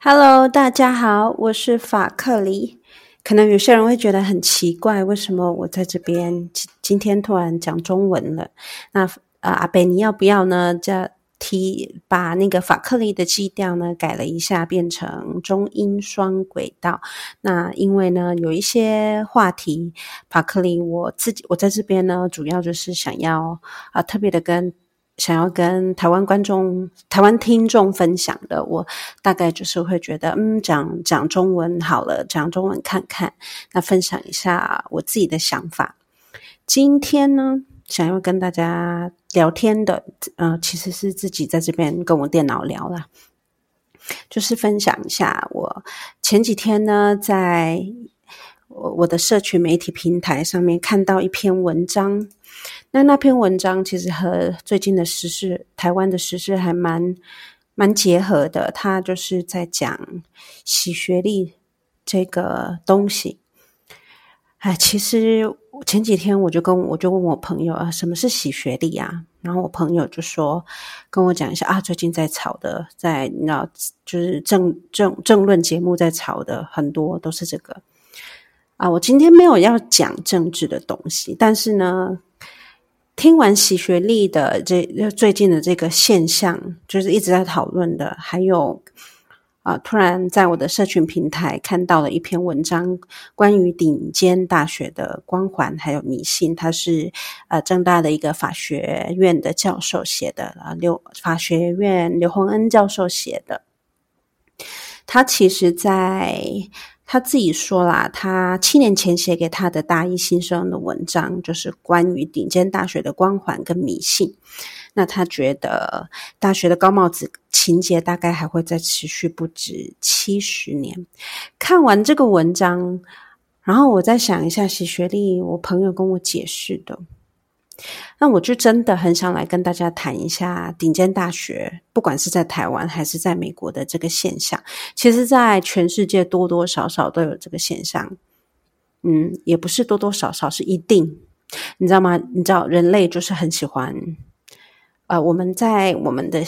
Hello，大家好，我是法客離。可能有些人會覺得很奇怪，為什麼我在這邊今今天突然講中文了？那啊、呃，阿北，你要不要呢？這提把那個法客離的基調呢改了一下，變成中英雙軌道。那因為呢，有一些話題，法客離我自己我在這邊呢，主要就是想要啊、呃，特別的跟。想要跟台灣觀眾、台灣聽眾分享的，我大概就是會覺得，嗯，講講中文好了，講中文看看，那分享一下我自己的想法。今天呢，想要跟大家聊天的，呃，其實是自己在這邊跟我電腦聊啦，就是分享一下我前幾天呢，在。我我的社群媒體平台上面看到一篇文章，那那篇文章其實和最近的時事，台灣的時事還蠻蠻結合的。他就是在講洗學歷這個東西。哎，其實前幾天我就跟我就問我朋友啊，什麼是洗學歷啊？然後我朋友就說跟我講一下啊，最近在炒的，在你知道就是政政政論節目在炒的很多都是這個。啊，我今天沒有要講政治的東西，但是呢，聽完洗學歷的這最近的這個現象，就是一直在討論的，還有啊，突然在我的社群平台看到了一篇文章，關於頂尖大學的光環還有迷信，他是呃政大的一個法學院的教授寫的啊，劉法學院劉宏恩教授寫的，他其實，在。他自己說啦，他七年前寫給他的大一新生的文章，就是關於頂尖大學的光環跟迷信。那他覺得大學的高帽子情結，大概還會再持續不止七十年。看完這個文章，然後我再想一下，洗學歷，我朋友跟我解釋的。那我就真的很想來跟大家談一下頂尖大學，不管是在台灣還是在美國的這個現象。其實，在全世界多多少少都有這個現象。嗯，也不是多多少少，是一定。你知道嗎？你知道人類就是很喜歡，呃，我們在我們的。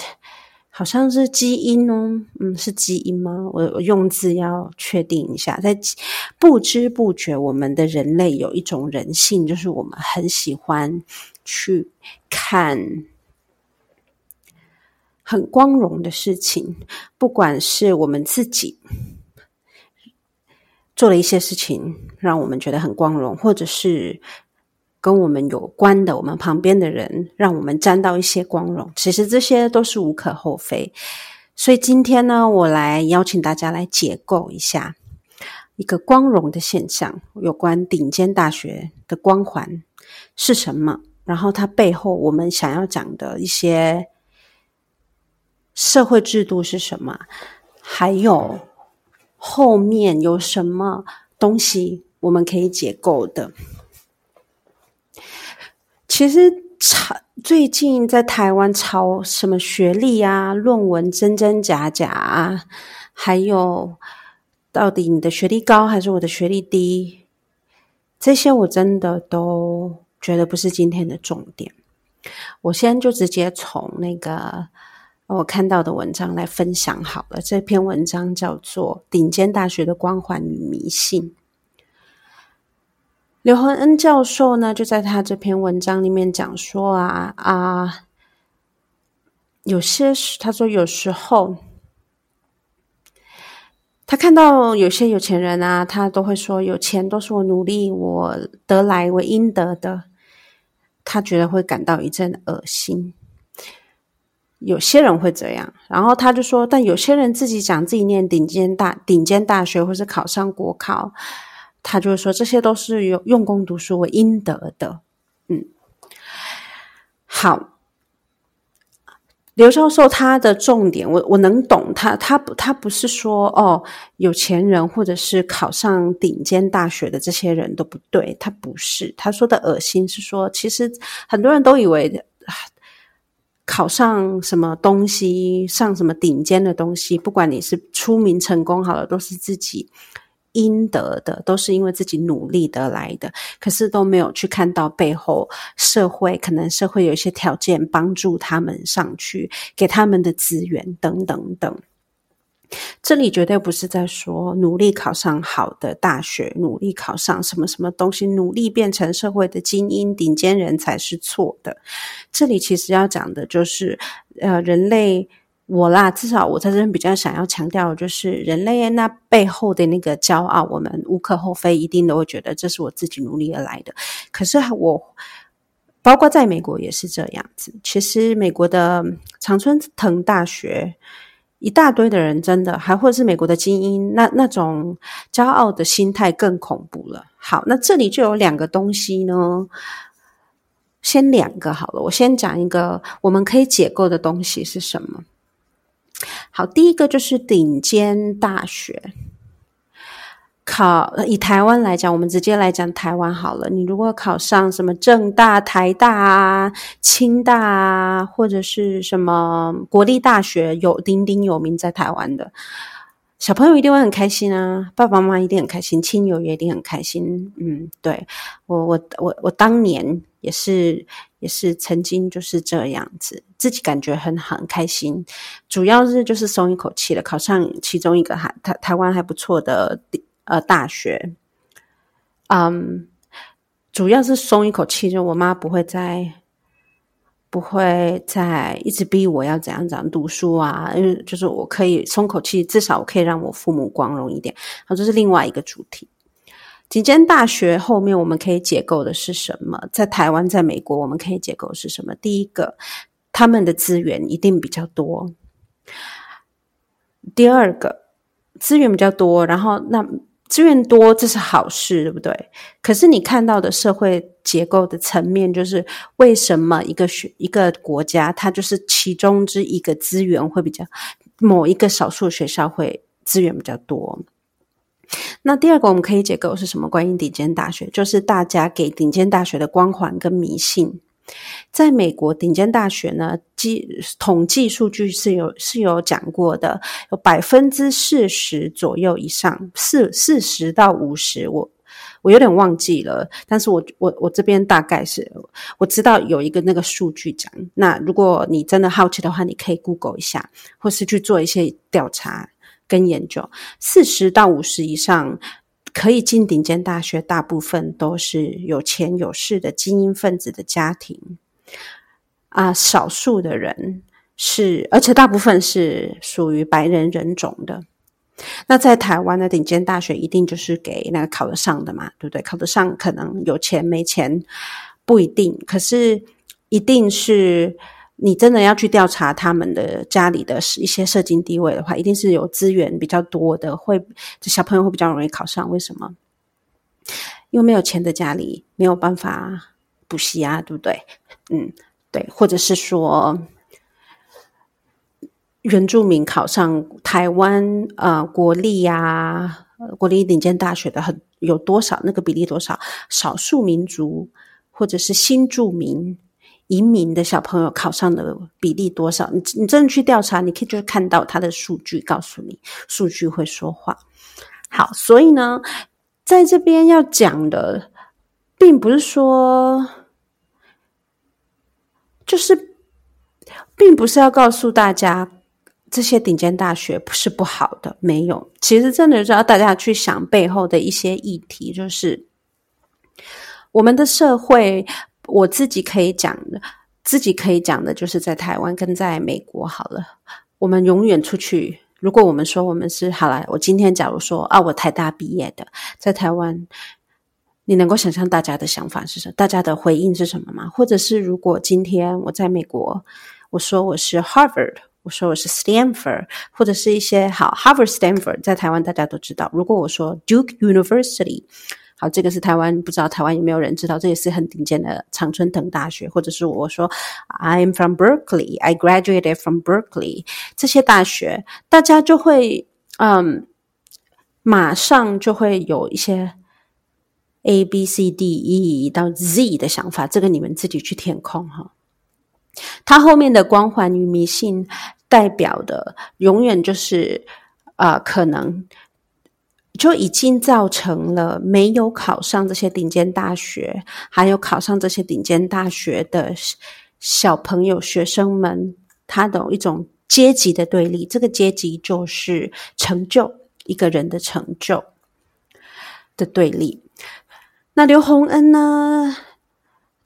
好像是基因哦，嗯，是基因嗎？我用字要確定一下。在不知不覺，我們的人類有一種人性，就是我們很喜歡去看很光榮的事情，不管是我們自己做了一些事情，讓我們覺得很光榮，或者是。跟我們有關的，我們旁邊的人，讓我們沾到一些光榮。其實這些都是無可厚非。所以今天呢，我來邀請大家來解構一下一個光榮的現象，有關頂尖大學的光環是什麼？然後它背後我們想要講的一些社會制度是什麼？還有後面有什麼東西我們可以解構的？其實，最近在台灣炒什麼學歷啊、論文真真假假啊，還有到底你的學歷高還是我的學歷低，這些我真的都覺得不是今天的重點。我先就直接從那個我看到的文章來分享好了。這篇文章叫做《頂尖大學的光環與迷信》。劉宏恩教授呢，就在他這篇文章裡面講說啊啊，有些時，他說有時候，他看到有些有錢人啊，他都會說有錢都是我努力我得來我應得的，他覺得會感到一陣噁心。有些人會這樣，然後他就說，但有些人自己講自己念頂尖大頂尖大學，或是考上國考。他就是說，這些都是用用功讀書，我應得的。嗯，好，劉教授他的重點，我我能懂他，他不，他不是說哦，有錢人或者是考上頂尖大學的這些人都不對，他不是，他說的噁心是說，其實很多人都以為、啊、考上什麼東西，上什麼頂尖的東西，不管你是出名成功好了，都是自己。應得的都是因為自己努力得來的，可是都沒有去看到背後社會，可能社會有一些條件幫助他們上去，給他們的資源等等等。這裡絕對不是在說努力考上好的大學，努力考上什麼什麼東西，努力變成社會的精英、頂尖人才是錯的。這裡其實要講的就是，呃，人類。我啦，至少我在這邊比較想要強調的，就是人類那背後的那個驕傲，我們無可厚非，一定都會覺得這是我自己努力而來的。可是我，包括在美國也是這樣子。其實美國的常春藤大學一大堆的人，真的，還或者是美國的精英，那那種驕傲的心態更恐怖了。好，那這裡就有兩個東西呢，先兩個好了，我先講一個，我們可以解構的東西是什麼？好，第一個就是頂尖大學考。以台灣來講，我們直接來講台灣好了。你如果考上什麼政大、台大啊、清大啊，或者是什麼國立大學，有鼎鼎有名在台灣的。小朋友一定會很開心啊，爸爸媽媽一定很開心，親友也一定很開心。嗯，對，我我我我當年也是也是曾經就是這樣子，自己感覺很很開心，主要是就是鬆一口氣了，考上其中一個還台台灣還不錯的呃大學，嗯，主要是鬆一口氣就，就我媽不會再。不會再一直逼我要怎樣怎樣讀書啊？因為就是我可以鬆口氣，至少我可以讓我父母光榮一點。好，這是另外一個主題。頂尖大學後面我們可以解構的是什麼？在台灣，在美國，我們可以解構是什麼？第一個，他們的資源一定比較多；第二個，資源比較多，然後那。資源多，這是好事，對不對？可是你看到的社會結構的層面，就是為什麼一個學一個國家，它就是其中之一個資源會比較，某一個少數學校會資源比較多。那第二個，我們可以解構是什麼？關於頂尖大學，就是大家給頂尖大學的光環跟迷信。在美國頂尖大學呢，計統計數據是有是有講過的，有百分之四十左右以上，四四十到五十，我我有點忘記了，但是我我我這邊大概是我知道有一個那個數據講，那如果你真的好奇的話，你可以 Google 一下，或是去做一些調查跟研究，四十到五十以上。可以進頂尖大學，大部分都是有錢有勢的精英分子的家庭啊，少數的人是，而且大部分是屬於白人人種的。那在台灣的頂尖大學，一定就是給那個考得上的嘛，對不對？考得上，可能有錢沒錢不一定，可是一定是。你真的要去調查他們的家裡的一些社經地位的話，一定是有資源比較多的，會小朋友會比較容易考上。為什麼？因為沒有錢的家裡沒有辦法補習啊，對不對？嗯，對。或者是說原住民考上台灣啊、呃、國立啊、呃、國立頂尖大學的，很有多少？那個比例多少？少數民族或者是新住民？移民的小朋友考上的比例多少？你你真的去調查，你可以就是看到他的數據告，告訴你數據會說話。好，所以呢，在這邊要講的，並不是說，就是，並不是要告訴大家這些頂尖大學不是不好的，沒有。其實真的是要大家去想背後的一些議題，就是我們的社會。我自己可以講的，自己可以講的就是在台灣跟在美國好了。我們永遠出去，如果我們說我們是，好啦，我今天假如說啊，我台大畢業的，在台灣，你能夠想象大家的想法是什麼？大家的回應是什麼嗎？或者是如果今天我在美國，我說我是 Harvard，我說我是 Stanford，或者是一些好 Harvard Stanford，在台灣大家都知道。如果我說 Duke University。好，這個是台灣，不知道台灣有沒有人知道，這也是很頂尖的常春藤大學，或者是我說，I'm from Berkeley, I graduated from Berkeley，這些大學，大家就會，嗯，馬上就會有一些 A B C D E 到 Z 的想法，這個你們自己去填空哈。它後面的光環與迷信代表的，永遠就是啊、呃，可能。就已經造成了沒有考上這些頂尖大學，還有考上這些頂尖大學的小朋友、學生們，他的一種階級的對立。這個階級就是成就一個人的成就的對立。那劉宏恩呢，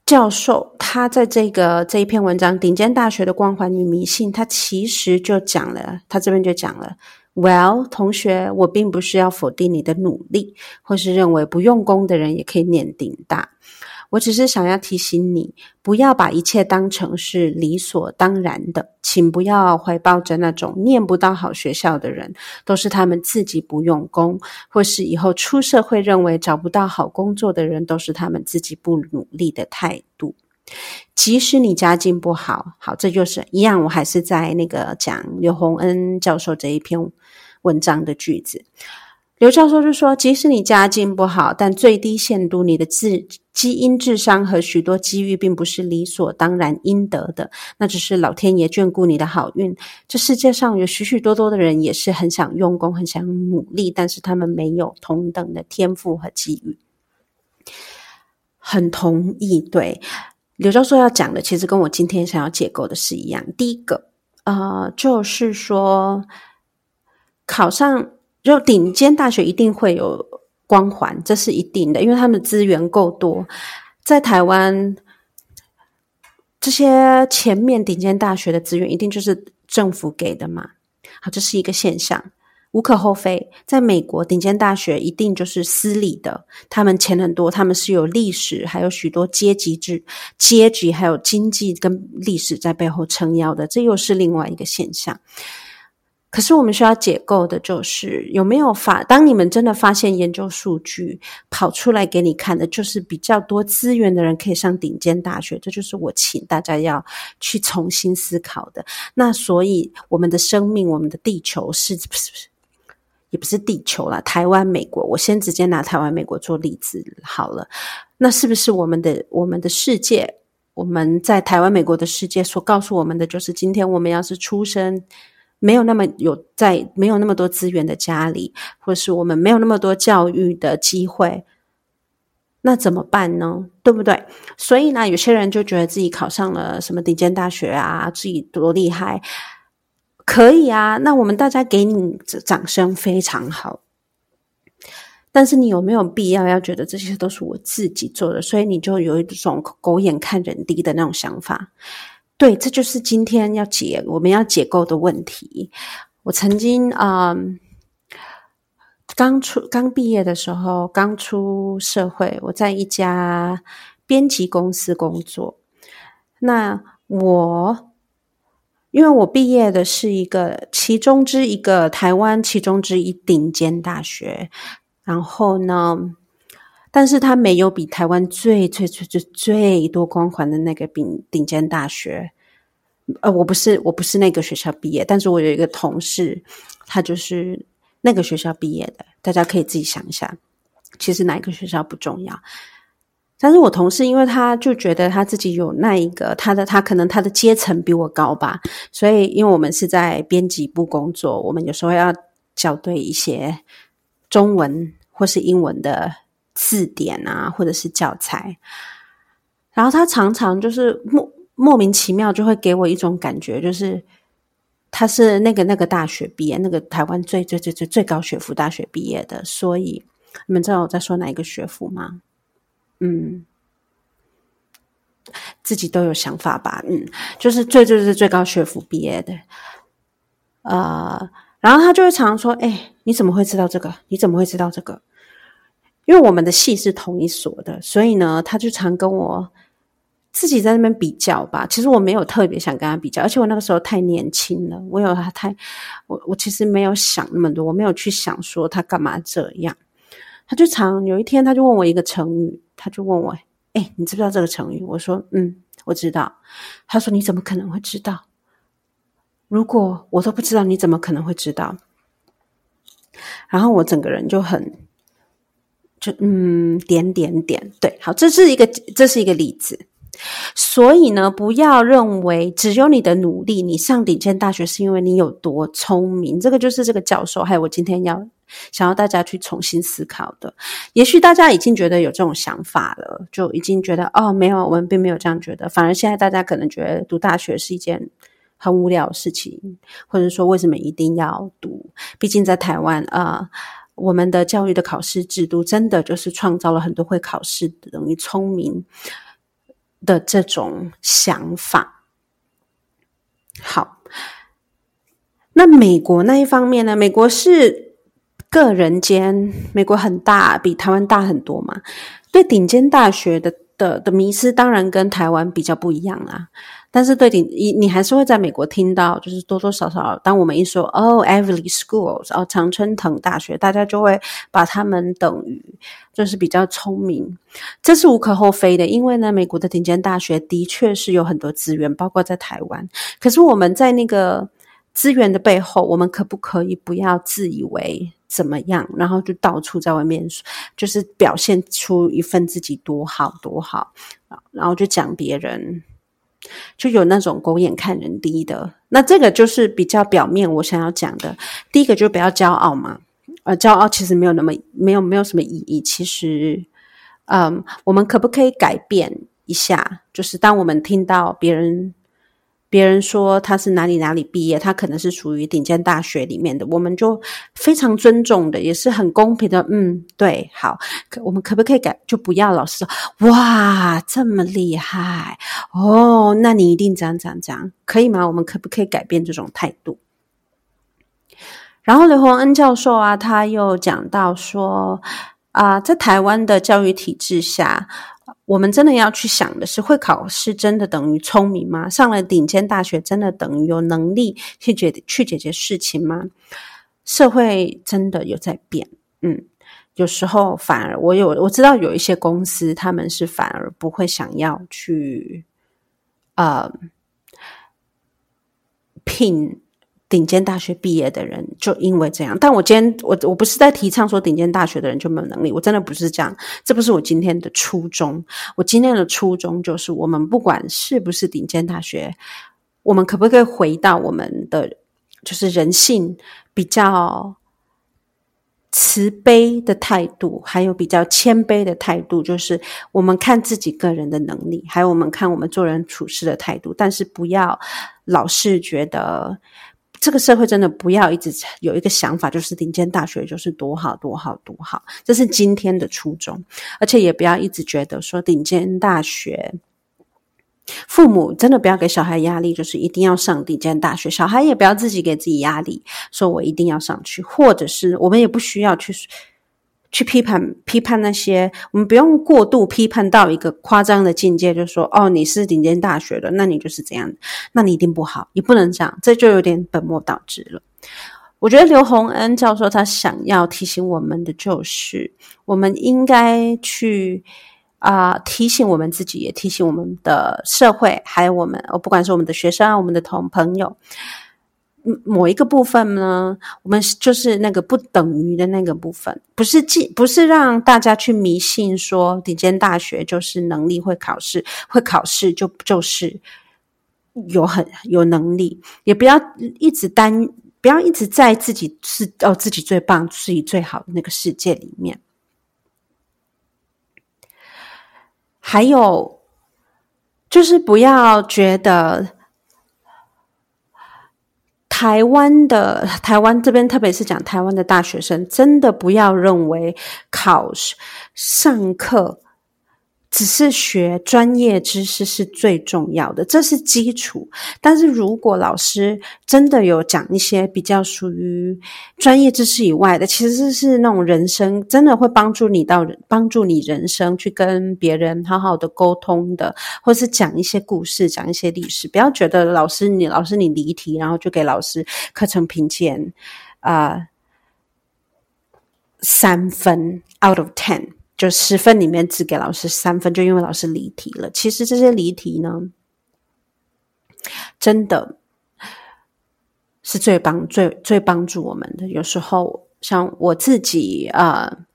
教授他在這個這一篇文章《頂尖大學的光環與迷信》，他其實就講了，他這邊就講了。Well，同學，我並不是要否定你的努力，或是認為不用功的人也可以念頂大。我只是想要提醒你，不要把一切當成是理所當然的。請不要懷抱着那種念不到好學校的人，都是他們自己不用功，或是以後出社會認為找不到好工作的人，都是他們自己不努力的態度。即使你家境不好，好，這就是一樣。我還是在那個講劉宏恩教授這一篇文章的句子。劉教授就說：“即使你家境不好，但最低限度你的智基因智商和許多機遇，並不是理所當然應得的，那只是老天爺眷顧你的好運。這世界上有許許多多的人，也是很想用功、很想努力，但是他們沒有同等的天賦和機遇。”很同意，對。劉教授要講的，其實跟我今天想要解構的是一樣。第一個，呃，就是說考上就頂尖大學一定會有光環，這是一定的，因為他們的資源夠多。在台灣，這些前面頂尖大學的資源一定就是政府給的嘛。好，啊，這是一個現象。無可厚非，在美國頂尖大學一定就是私立的，他們錢很多，他們是有歷史，還有許多階級制、階級還有經濟跟歷史在背後撐腰的，這又是另外一個現象。可是我們需要解構的，就是有沒有發？當你們真的發現研究數據跑出來給你看的，就是比較多資源的人可以上頂尖大學，這就是我請大家要去重新思考的。那所以，我們的生命，我們的地球是，不是，不是，也不是地球啦，台灣、美國，我先直接拿台灣、美國做例子好了。那是不是我們的我們的世界，我們在台灣、美國的世界所告訴我們的，就是今天我們要是出生沒有那麼有在沒有那麼多資源的家裡，或者是我們沒有那麼多教育的機會，那怎麼辦呢？對不對？所以呢，有些人就覺得自己考上了什麼頂尖大學啊，自己多厲害。可以啊，那我們大家給你掌聲，非常好。但是你有沒有必要要覺得這些都是我自己做的？所以你就有一種狗眼看人低的那種想法？對，這就是今天要解，我們要解構的問題。我曾經啊、嗯，剛出剛畢業的時候，剛出社會，我在一家編輯公司工作。那我。因為我畢業的是一個其中之一個台灣其中之一頂尖大學，然後呢，但是他沒有比台灣最最最最最多光環的那個頂頂尖大學。呃，我不是我不是那個學校畢業，但是我有一個同事，他就是那個學校畢業的。大家可以自己想一下，其實哪一個學校不重要。但是我同事，因為他就覺得他自己有那一個他的，他可能他的階層比我高吧，所以因為我們是在編輯部工作，我們有時候要校對一些中文或是英文的字典啊，或者是教材，然後他常常就是莫莫名其妙就會給我一種感覺，就是他是那個那個大學畢業，那個台灣最最最最最高學府大學畢業的，所以你們知道我在說哪一個學府嗎？嗯，自己都有想法吧。嗯，就是最最最最高學府畢業的，呃，然後他就會常說：“哎、欸，你怎麼會知道這個？你怎麼會知道這個？”因為我們的系是同一所的，所以呢，他就常跟我自己在那邊比較吧。其實我沒有特別想跟他比較，而且我那個時候太年輕了，我有他太我我其實沒有想那麼多，我沒有去想說他幹嘛這樣。他就常有一天，他就問我一個成語，他就問我：“哎，你知不知道這個成語？”我說：“嗯，我知道。”他說：“你怎麼可能會知道？如果我都不知道，你怎麼可能會知道？”然後我整個人就很，就嗯，點點點，對，好，這是一個，這是一個例子。所以呢，不要認為只有你的努力，你上頂尖大學是因為你有多聰明。這個就是這個教授，還有我今天要想要大家去重新思考的。也許大家已經覺得有這種想法了，就已經覺得哦，沒有，我們並沒有這樣覺得。反而現在大家可能覺得讀大學是一件很無聊的事情，或者說為什麼一定要讀？畢竟在台灣啊，呃，我們的教育的考試制度真的就是創造了很多會考試等於聰明。的這種想法，好，那美國那一方面呢？美國是個人間，美國很大，比台灣大很多嘛。對頂尖大學的的的迷思，當然跟台灣比較不一樣啦、啊。但是對你你還是會在美國聽到，就是多多少少，當我們一說哦 Every School，哦，常春藤大學，大家就會把他們等於就是比較聰明，這是無可厚非的。因為呢，美國的頂尖大學的確是有很多資源，包括在台灣。可是我們在那個資源的背後，我們可不可以不要自以為怎麼樣，然後就到處在外面，就是表現出一份自己多好多好，然後就講別人。就有那種狗眼看人低的，那這個就是比較表面。我想要講的，第一個就不要驕傲嘛，而驕傲其實沒有那麼沒有沒有什麼意義。其實，嗯，我們可不可以改變一下？就是當我們聽到別人。別人說他是哪裡哪裡畢業，他可能是屬於頂尖大學裡面的，我們就非常尊重的，也是很公平的。嗯，對，好，我們可不可以改，就不要老是說哇，這麼厲害哦，那你一定這樣這樣這樣，可以嗎？我們可不可以改變這種態度？然後劉宏恩教授啊，他又講到說啊、呃，在台灣的教育體制下。我們真的要去想的是，會考試真的等於聰明嗎？上了頂尖大學真的等於有能力去解去解決事情嗎？社會真的有在變，嗯，有時候反而我有我知道有一些公司他們是反而不會想要去呃聘。頂尖大學畢業的人，就因為這樣。但我今天，我我不是在提倡說頂尖大學的人就沒有能力，我真的不是這樣。這不是我今天的初衷。我今天的初衷就是，我們不管是不是頂尖大學，我們可不可以回到我們的，就是人性比較慈悲的態度，還有比較謙卑的態度，就是我們看自己個人的能力，還有我們看我們做人處事的態度，但是不要老是覺得。這個社會真的不要一直有一個想法，就是頂尖大學就是多好多好多好，這是今天的初衷。而且也不要一直覺得說頂尖大學，父母真的不要給小孩壓力，就是一定要上頂尖大學。小孩也不要自己給自己壓力，說我一定要上去，或者是我們也不需要去。去批判批判那些，我們不用過度批判到一個誇張的境界，就說哦，你是頂尖大學的，那你就是這樣的，那你一定不好，你不能這樣，這就有點本末倒置了。我覺得劉洪恩教授他想要提醒我們的，就是我們應該去啊、呃、提醒我們自己，也提醒我們的社會，還有我們，我、哦、不管是我們的學生，啊，我們的同朋友。嗯，某一個部分呢，我們就是那個不等於的那個部分，不是記，不是讓大家去迷信說頂尖大學就是能力會考試，會考試就就是有很有能力，也不要一直單，不要一直在自己是哦，自己最棒，自己最好的那個世界裡面，還有就是不要覺得。台灣的台灣這邊，特別是講台灣的大學生，真的不要認為考上課。只是學專業知識是最重要的，這是基礎。但是如果老師真的有講一些比較屬於專業知識以外的，其實是那種人生，真的會幫助你到幫助你人生去跟別人好好的溝通的，或是講一些故事、講一些歷史。不要覺得老師你老師你離題，然後就給老師課程評鑑啊三分 out of ten。就十分裡面只給老師三分，就因為老師離題了。其實這些離題呢，真的是最幫最最幫助我們的。有時候，像我自己啊、呃，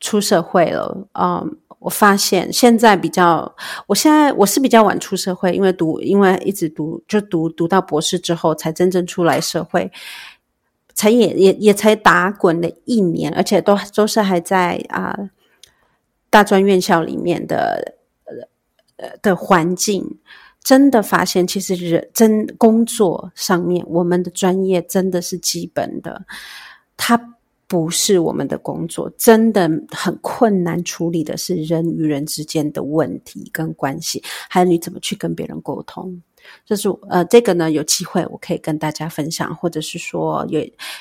出社會了啊、呃，我發現現在比較，我現在我是比較晚出社會，因為讀，因為一直讀就讀讀到博士之後，才真正出來社會，才也也也才打滾了一年，而且都都是還在啊。呃大專院校裡面的呃的環境，真的發現其實人真工作上面，我們的專業真的是基本的，它不是我們的工作，真的很困難，處理的是人與人之間的問題跟關係，還有你怎麼去跟別人溝通，就是呃這個呢，有機會我可以跟大家分享，或者是說有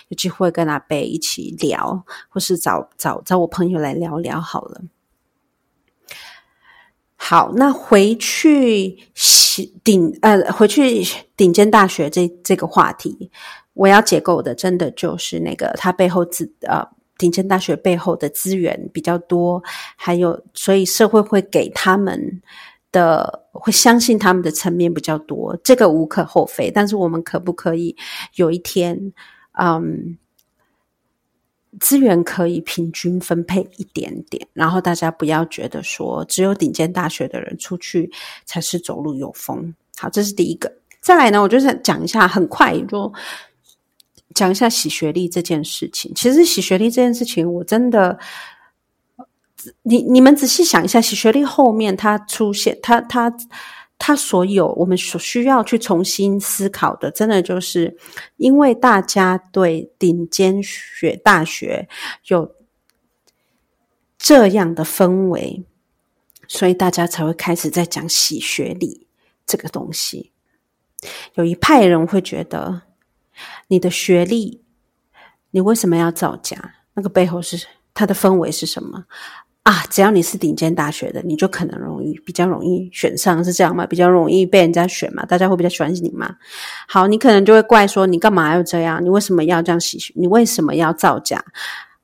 有機會跟阿貝一起聊，或是找找找我朋友來聊聊好了。好，那回去頂呃，回去頂尖大學這這個話題，我要解構的，真的就是那個它背後自呃頂尖大學背後的資源比較多，還有所以社會會給他們的會相信他們的層面比較多，這個無可厚非。但是我們可不可以有一天，嗯？資源可以平均分配一點點，然後大家不要覺得說只有頂尖大學的人出去才是走路有風。好，這是第一個。再來呢，我就是講一下，很快就講一下洗學歷這件事情。其實洗學歷這件事情，我真的，你你們仔細想一下，洗學歷後面它出現，它它。他所有我們所需要去重新思考的，真的就是，因為大家對頂尖學大學有這樣的氛圍，所以大家才會開始在講洗學歷這個東西。有一派人會覺得，你的學歷，你為什麼要造假？那個背後是它的氛圍是什麼？啊，只要你是頂尖大學的，你就可能容易比較容易選上，是這樣嘛？比較容易被人家選嘛？大家會比較喜歡你嘛？好，你可能就會怪說，你幹嘛要這樣？你為什麼要這樣洗？你為什麼要造假？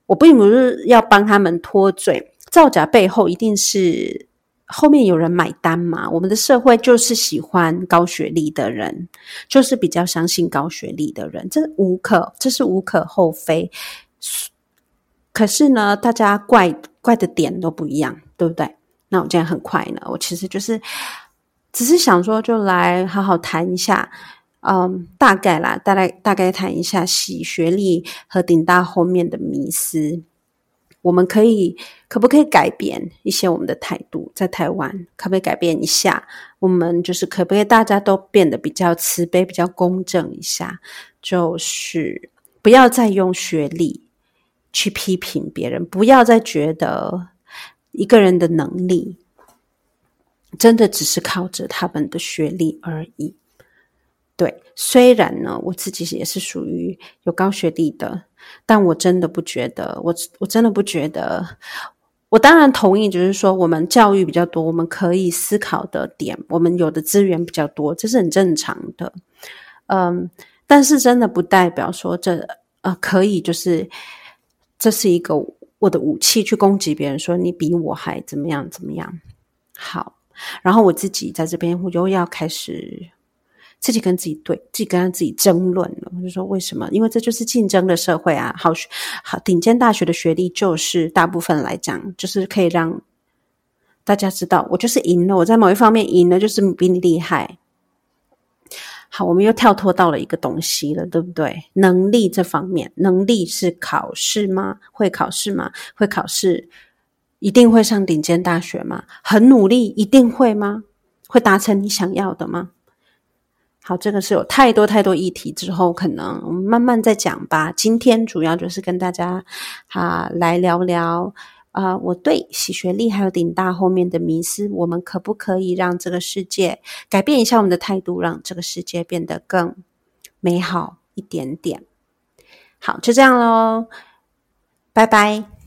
我並不是要幫他們脫罪，造假背後一定是後面有人買單嘛。我們的社會就是喜歡高學歷的人，就是比較相信高學歷的人，這無可，這是無可厚非。可是呢，大家怪怪的點都不一樣，對不對？那我這樣很快呢，我其實就是只是想說，就來好好談一下，嗯，大概啦，大概大概談一下，洗學歷和頂大後面的迷思，我們可以可不可以改變一些我們的態度，在台灣可不可以改變一下？我們就是可不可以大家都變得比較慈悲、比較公正一下？就是不要再用學歷。去批評別人，不要再覺得一個人的能力真的只是靠着他們的學歷而已。對，雖然呢，我自己也是屬於有高學歷的，但我真的不覺得，我我真的不覺得。我當然同意，就是說我們教育比較多，我們可以思考的點，我們有的資源比較多，這是很正常的。嗯，但是真的不代表說這，呃，可以就是。這是一個我的武器去攻擊別人，說你比我還怎麼樣怎麼樣好，然後我自己在這邊我就要開始自己跟自己對，自己跟自己爭論了。我就說為什麼？因為這就是競爭的社會啊，好學好頂尖大學的學歷，就是大部分來講，就是可以讓大家知道，我就是贏了，我在某一方面贏了，就是比你厲害。好，我們又跳脫到了一個東西了，對不對？能力這方面，能力是考試嗎？會考試嗎？會考試一定會上頂尖大學嗎？很努力一定會嗎？會達成你想要的嗎？好，這個是有太多太多議題之後，可能我們慢慢再講吧。今天主要就是跟大家啊來聊聊。啊、呃，我對洗學歷還有頂大後面的迷思，我們可不可以讓這個世界改變一下我們的態度，讓這個世界變得更美好一點點？好，就這樣嘍，拜拜。